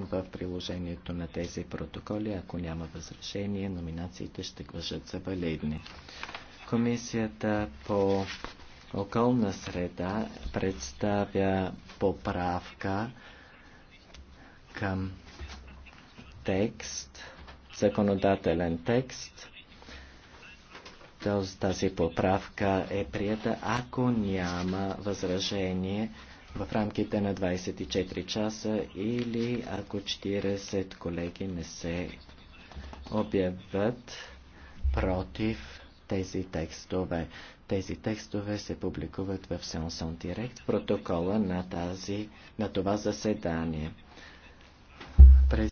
в приложението на тези протоколи. Ако няма възражение, номинациите ще въжат за валидни. Комисията по околна среда представя поправка към текст, законодателен текст. Тази поправка е прията, ако няма възражение в рамките на 24 часа или ако 40 колеги не се обявят против тези текстове. Тези текстове се публикуват в Сенсон Директ в протокола на, тази, на това заседание.